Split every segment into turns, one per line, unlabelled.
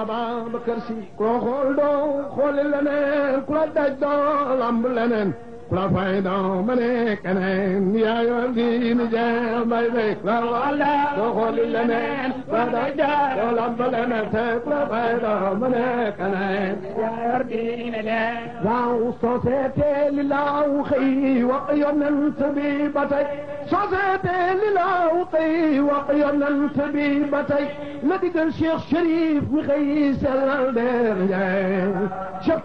Ababakar Si koo xool doo xooli leneen ku la daj doo lamb leneen فايدهم كنين يا يردين جام بيك والله دخل لمن ودجا ولب لنا تكلا فايدهم كنين يا يردين جام لو صوتي لله خي وقينا سبيبتي صوتي لله خي وقينا سبيبتي لدي الشيخ شريف وخي سلال دير Al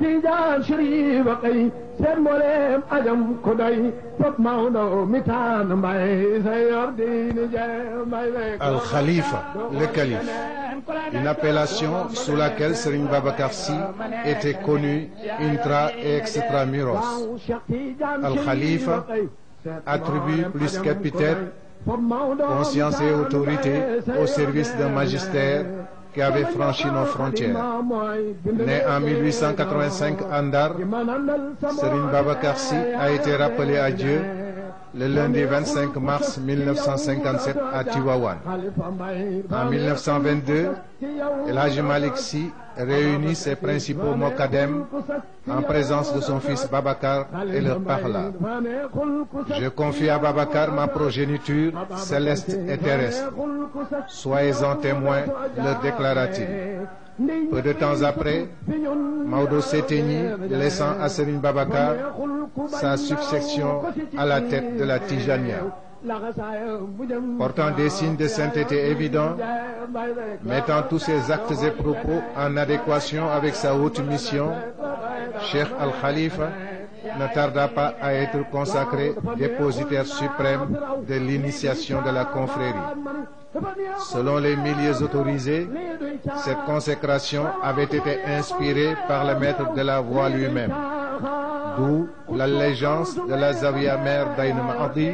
le calife une appellation sous laquelle Serigne Babacar était connu intra et extramuros
Al Khalifa attribue plus qu'épithète conscience et autorité au service
d'un magistère qui avait franchi nos frontières. Né en 1885 à Andar, Serine Babakarsi a été rappelé à Dieu le lundi 25 mars 1957 à Tiwawan. En 1922, l'âge Haji réunit ses principaux mokadem en présence de son fils Babacar et leur parla. Je confie à Babacar ma progéniture céleste et terrestre. Soyez-en témoins, leur déclara-t-il. Peu de temps après, Maudo s'éteignit, laissant à Serine Babacar sa succession à la tête de la Tijania.
Euh, portant des signes de sainteté évidents, mettant
tous ses actes et propos en adéquation avec sa haute mission, Cheikh Al-Khalifa ne tarda pas à être consacré dépositaire suprême de l'initiation de la confrérie. Selon les milieux autorisés, cette consécration avait été inspirée par le maître de la voie lui-même d'où l'allégeance de la Zawiya mère d'Aïn Mahdi,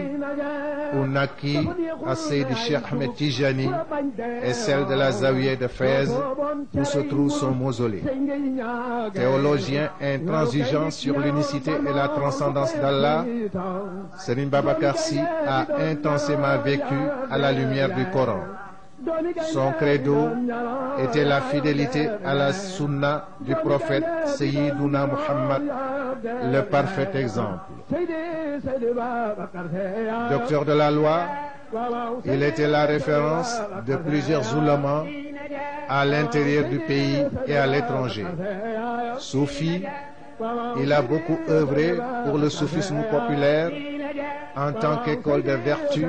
où naquit celle du Cheikh Ahmed Tijani, et celle de la Zawiya de Fès, où se trouve son mausolée. Théologien intransigeant sur l'unicité et la transcendance d'Allah, Selim Babakarsi a intensément vécu à la lumière du Coran. Son credo était la fidélité à la sunna du prophète Sayyiduna Muhammad, le parfait exemple.
Docteur de la loi, il était la référence de plusieurs oulomans
à l'intérieur du pays et à l'étranger. Soufi, il a beaucoup œuvré pour le soufisme populaire en tant qu'école de vertu,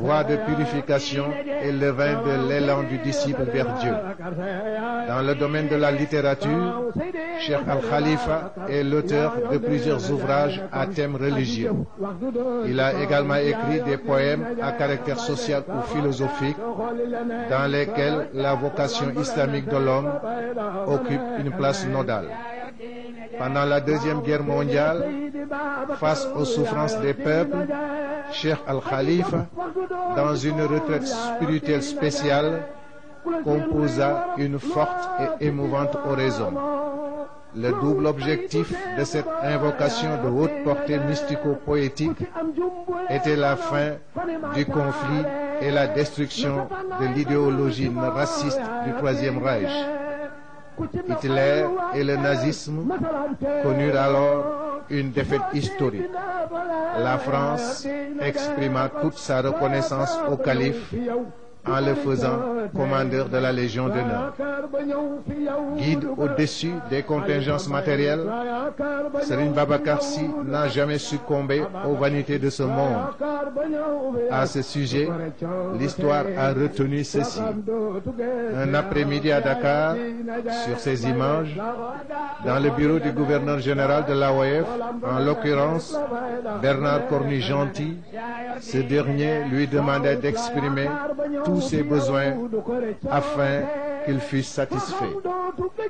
voie de purification et levain de l'élan du disciple vers Dieu. Dans le domaine de la littérature, Cheikh Al-Khalifa est l'auteur de plusieurs ouvrages à thème religieux. Il a également écrit des poèmes à caractère social ou philosophique dans lesquels la vocation islamique de l'homme occupe une place nodale. Pendant la Deuxième Guerre mondiale, face aux souffrances des peuples, Cheikh Al-Khalifa, dans une retraite spirituelle spéciale, composa une forte et émouvante oraison. Le double objectif de cette invocation de haute portée mystico-poétique était la fin du conflit et la destruction de l'idéologie raciste du Troisième Reich. Hitler et le nazisme connurent alors une défaite historique. La France exprima toute sa reconnaissance au calife en le faisant commandeur de la Légion d'honneur. Guide au-dessus des contingences matérielles, Serine Babakarsi n'a jamais succombé aux vanités de ce monde. À ce sujet, l'histoire a retenu ceci. Un après-midi à Dakar, sur ces images, dans le bureau du gouverneur général de l'AOF, en l'occurrence Bernard Cornu-Gentil, ce dernier lui demandait d'exprimer tout ses besoins afin qu'il fussent satisfaits.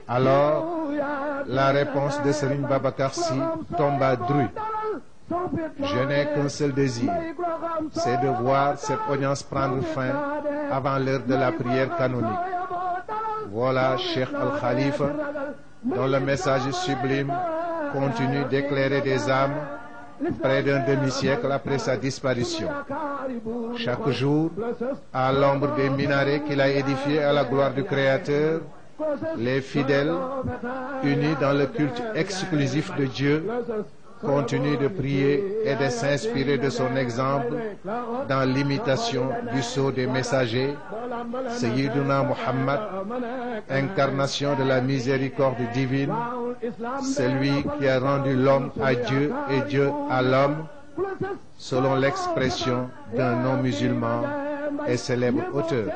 Alors, la réponse de Serine Babakarsi tomba dru. Je n'ai qu'un seul désir, c'est de voir cette audience prendre fin avant l'heure de la prière canonique. Voilà cher Al-Khalifa, dont le message sublime continue d'éclairer des âmes près d'un demi-siècle après sa disparition. Chaque jour, à l'ombre des minarets qu'il a édifiés à la gloire du Créateur, les fidèles, unis dans le culte exclusif de Dieu, continue de prier et de s'inspirer de son exemple dans l'imitation du sceau des messagers, Sayyiduna Muhammad, incarnation de la miséricorde divine, celui qui a rendu l'homme à Dieu et Dieu à l'homme, selon l'expression d'un non-musulman et célèbre auteur.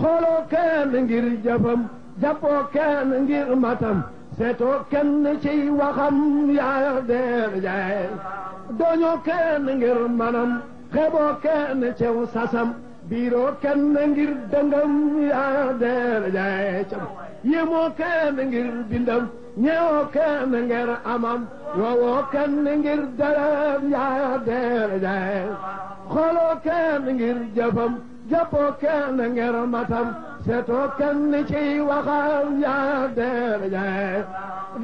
xooloo kenn ngir jëfam jàppoo kenn ngir matam seetoo kenn ciy waxam yaa deel jaay dooñoo kenn ngir manam xeeboo kenn cew sasam biiroo kenn ngir dëngam yaa deel jaay cam yéemoo ngir bindam ñeewoo kenn ngir amam woowoo kenn ngir daram yaa deel jaay xooloo kenn ngir jëfam jàppoo kenn ngir matam seetoo kenn ci waxal yaa deel jaay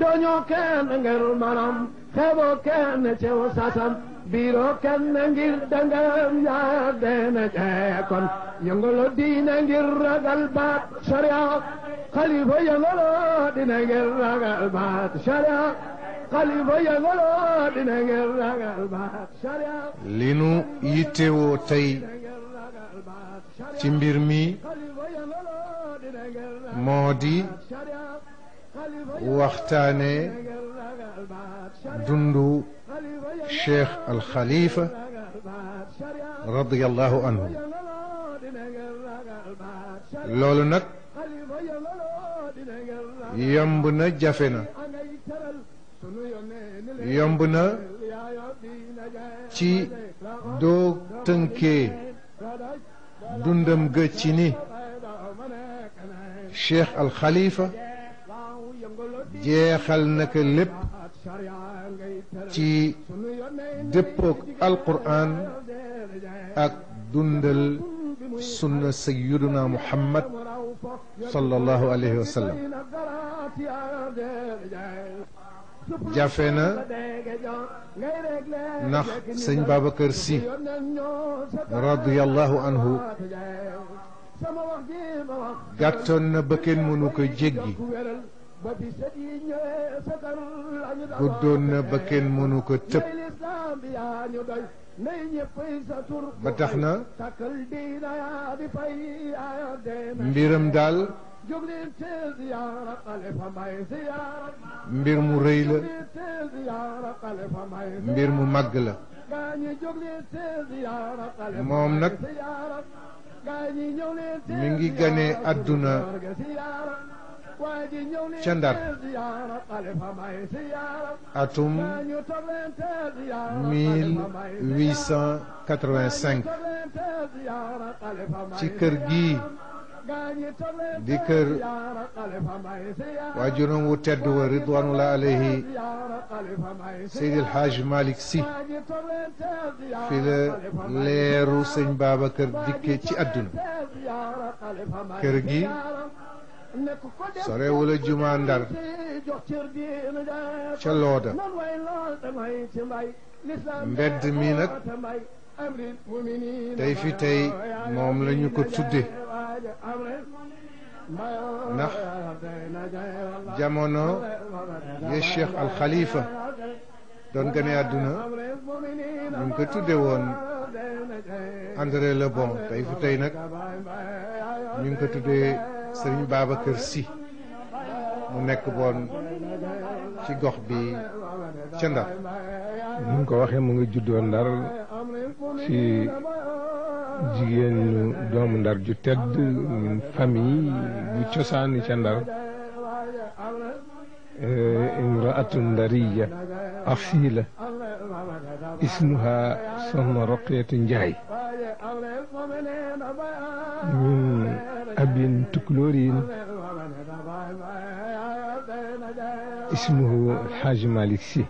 doñoo kenn ngir manam xeeboo kenn ci sasam biiroo kenn ngir dangam yaa deen jaay kon yëngaloo diine ngir ragal baat sharia xalifa yëngaloo diine ngir ragal baat sharia xalifa yëngaloo diine ngir ragal baat sharia
li nu yittewoo tey ci mbir mi
moo di waxtaane dundu sheikh al khalifa radiyallahu anhu loolu nag yomb na jafe na
yomb na ci doo tënkee دندم جتيني شيخ الخليفة جيخل نك لب تي دبوك القرآن أك دندل سنة سيدنا محمد صلى الله عليه وسلم jafe na ndax sëñ Babacar Sy radiyallahu anhu gàttoon na ba kenn mënu ko jéggi guddoon na ba kenn mënu ko tëb
ba tax na mbiram daal
mbir mu rëy la
mbir mu màgg la moom nag mi ngi gane àdduna ca Ndar
atum 1885 ci kër gii di kër
waajuram wu tedd wa ridwanullah alayhi Seydil Hadj Malick Sy
fi la leeru sëñ Babacar dikke ci àdduna kër gi sorewula juma ndar
ca looda mbedd mi nag
tey fi tey moom lañu ko tudde ndax jamono ya cheikh al doon gane àdduna ñu ngi ko tudde woon André la Bon tey fi tey nag ñu ngi ko tuddee Serigne Babacar si mu nekk boon ci gox bi ca Ndar. ni mu ko waxee mu ngi juddoon Ndar ci jigéenu doomu ndar ju tedd ñun famille bu cosaani ca ndar eh, imraatun ndariya asila ismuha soxna roqeetu njaay ñun abin tukulóor yin ismuhu alxaaji